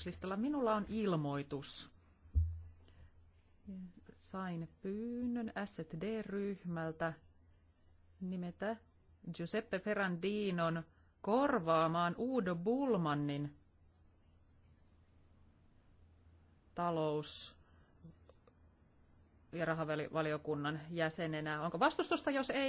ilmoituslistalla. Minulla on ilmoitus. Sain pyynnön SD-ryhmältä nimetä Giuseppe Ferrandinon korvaamaan Udo Bulmannin talous- ja rahavaliokunnan jäsenenä. Onko vastustusta, jos ei,